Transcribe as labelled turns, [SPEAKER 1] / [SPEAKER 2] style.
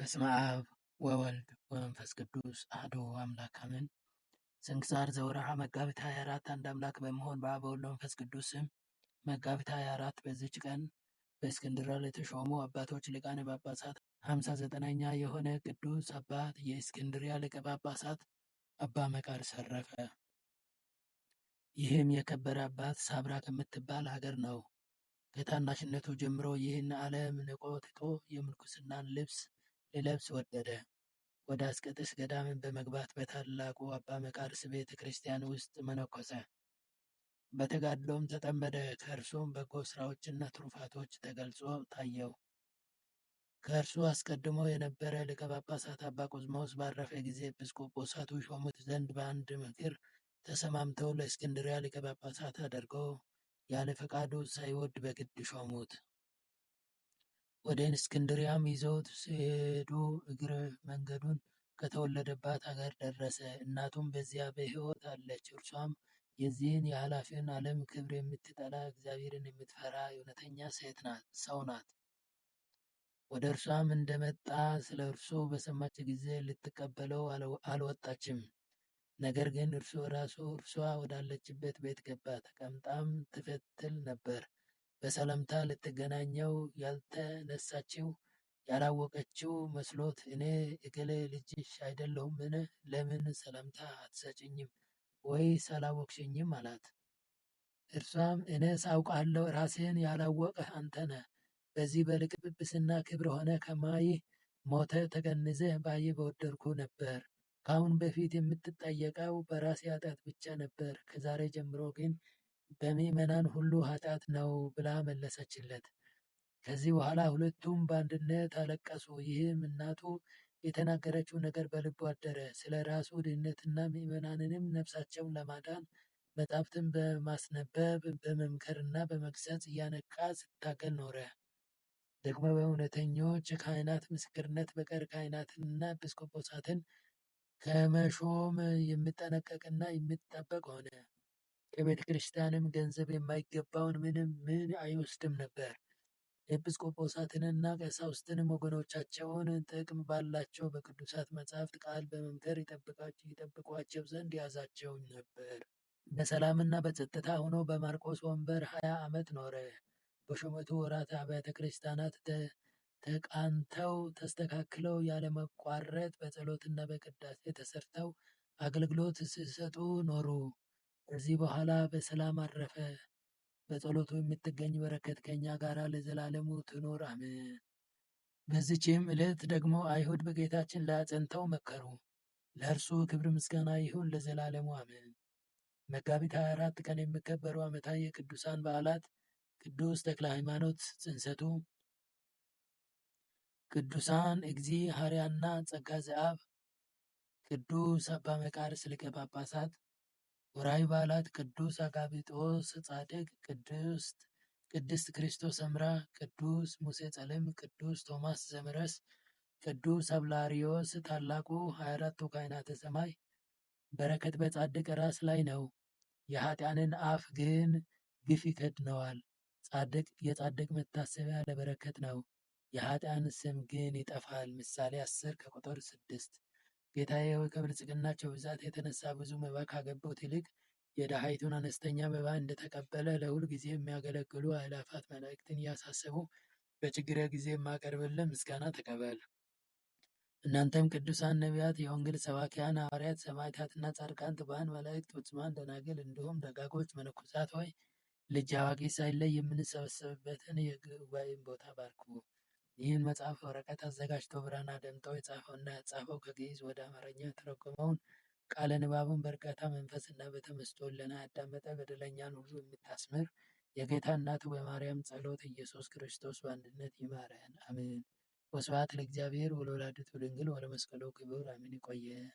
[SPEAKER 1] በስመ አብ ወወልድ ወመንፈስ ቅዱስ አሐዱ አምላክ አሜን። ስንክሳር ዘወርኀ መጋቢት 24 አንድ አምላክ በመሆን በአብ ወወልድ ወመንፈስ ቅዱስ ስም መጋቢት 24 በዚች ቀን በእስክንድርያ ለተሾሙ አባቶች ሊቃነ ጳጳሳት 59ኛ የሆነ ቅዱስ አባት የእስክንድርያ ሊቀ ጳጳሳት አባ መቃርስ አረፈ። ይህም የከበረ አባት ሳብራ ከምትባል ሀገር ነው። ከታናሽነቱ ጀምሮ ይህን ዓለም ንቆ ትቶ የምንኩስናን ልብስ ሊለብስ ወደደ። ወደ አስቀጥስ ገዳምን በመግባት በታላቁ አባ መቃርስ ቤተ ክርስቲያን ውስጥ መነኮሰ። በተጋድሎም ተጠመደ። ከእርሱም በጎ ስራዎችና ትሩፋቶች ተገልጾ ታየው። ከእርሱ አስቀድሞ የነበረ ሊቀ ጳጳሳት አባ ቁዝማውስ ባረፈ ጊዜ ኤጲስቆጶሳቱ ሾሙት ዘንድ በአንድ ምክር ተሰማምተው ለእስክንድሪያ ሊቀ ጳጳሳት አድርገው ያለ ፈቃዱ ሳይወድ በግድ ሾሙት። ወደ እስክንድሪያም ይዘውት ሲሄዱ እግረ መንገዱን ከተወለደባት አገር ደረሰ። እናቱም በዚያ በሕይወት አለች። እርሷም የዚህን የኃላፊውን ዓለም ክብር የምትጠላ እግዚአብሔርን የምትፈራ እውነተኛ ሴት ሰው ናት። ወደ እርሷም እንደመጣ ስለ እርሱ በሰማች ጊዜ ልትቀበለው አልወጣችም። ነገር ግን እርሱ ራሱ እርሷ ወዳለችበት ቤት ገባ። ተቀምጣም ትፈትል ነበር። በሰላምታ ልትገናኘው ያልተነሳችው ያላወቀችው መስሎት እኔ እገሌ ልጅሽ አይደለሁም አይደለሁምን? ለምን ሰላምታ አትሰጭኝም ወይ አላወቅሽኝም? አላት። እርሷም እኔ ሳውቃለሁ፣ ራሴን ያላወቀ አንተነ። በዚህ በልቅብብስና ክብር ሆነ ከማይ ሞተ ተገንዘህ ባየ በወደድኩ ነበር። ከአሁን በፊት የምትጠየቀው በራሴ ኃጢአት ብቻ ነበር። ከዛሬ ጀምሮ ግን በምእመናን ሁሉ ኃጢአት ነው ብላ መለሰችለት። ከዚህ በኋላ ሁለቱም በአንድነት አለቀሱ። ይህም እናቱ የተናገረችው ነገር በልቡ አደረ። ስለ ራሱ ድህነትና ምዕመናንንም ነፍሳቸውን ለማዳን መጻሕፍትን በማስነበብ በመምከርና በመግሰጽ እያነቃ ስታገል ኖረ። ደግሞ በእውነተኞች ካህናት ምስክርነት በቀር ካህናትንና ኤጲስ ከመሾም የሚጠነቀቅና የሚጠበቅ ሆነ። ከቤተ ክርስቲያንም ገንዘብ የማይገባውን ምንም ምን አይወስድም ነበር። ኤጲስቆጶሳትንና ቀሳውስትንም ወገኖቻቸውን ጥቅም ባላቸው በቅዱሳት መጻሕፍት ቃል በመምከር ይጠብቋቸው ዘንድ ያዛቸው ነበር። በሰላምና በጸጥታ ሆኖ በማርቆስ ወንበር ሀያ ዓመት ኖረ። በሹመቱ ወራት አብያተ ክርስቲያናት ተቃንተው ተስተካክለው ያለመቋረጥ በጸሎትና በቅዳሴ ተሰርተው አገልግሎት ሲሰጡ ኖሩ። ከዚህ በኋላ በሰላም አረፈ። በጸሎቱ የምትገኝ በረከት ከኛ ጋር ለዘላለሙ ትኖር አሜን። በዚችም ዕለት ደግሞ አይሁድ በጌታችን ላይ አጽንተው መከሩ። ለእርሱ ክብር ምስጋና ይሁን ለዘላለሙ አሜን። መጋቢት 24 ቀን የሚከበሩ ዓመታዊ የቅዱሳን በዓላት ቅዱስ ተክለ ሃይማኖት ጽንሰቱ፣ ቅዱሳን እግዚ ሐረያና ጸጋ ዘአብ፣ ቅዱስ አባ መቃርስ ሊቀ ጳጳሳት ወርኃዊ በዓላት ቅዱስ አጋቢጦስ ጻድቅ፣ ቅድስት ክርስቶስ ሰምራ! ቅዱስ ሙሴ ጸሊም፣ ቅዱስ ቶማስ ዘምረስ፣ ቅዱስ አብላሪዮስ ታላቁ። 24ቱ ካህናተ ሰማይ። በረከት በጻድቅ ራስ ላይ ነው፣ የኃጥኣንን አፍ ግን ግፍ ይከድነዋል። ጻድቅ የጻድቅ መታሰቢያ ለበረከት ነው፣ የኃጥኣን ስም ግን ይጠፋል። ምሳሌ 10 ከቁጥር 6 ጌታዬ ሆይ ከብልጽግናቸው ብዛት የተነሳ ብዙ መባ ካገቡት ይልቅ የድሃይቱን አነስተኛ መባ እንደተቀበለ ለሁል ጊዜ የሚያገለግሉ አእላፋት መላእክትን እያሳሰቡ በችግረ ጊዜ የማቀርብልን ምስጋና ተቀበል። እናንተም ቅዱሳን ነቢያት፣ የወንጌል ሰባኪያን ሐዋርያት፣ ሰማዕታትና ጻድቃን፣ ትባህን መላእክት፣ ፍጹማን ደናግል፣ እንዲሁም ደጋጎች መነኮሳት ሆይ ልጅ አዋቂ ሳይለይ የምንሰበሰብበትን የጉባኤን ቦታ ባርኩ። ይህን መጽሐፍ ወረቀት አዘጋጅቶ ብራና ደምጠው እና ያጻፈው ከግዕዝ ወደ አማርኛ የተረጎመውን ቃለ ንባቡን በእርጋታ መንፈስና በተመስጦ ልቦና ያዳመጠ በደለኛን ሁሉ የምታስምር የጌታ እናት በማርያም ጸሎት ኢየሱስ ክርስቶስ በአንድነት ይማረን አሜን። ወስብሐት ለእግዚአብሔር ወለወላዲቱ ድንግል ወለመስቀሉ ክቡር አሜን። ይቆየን።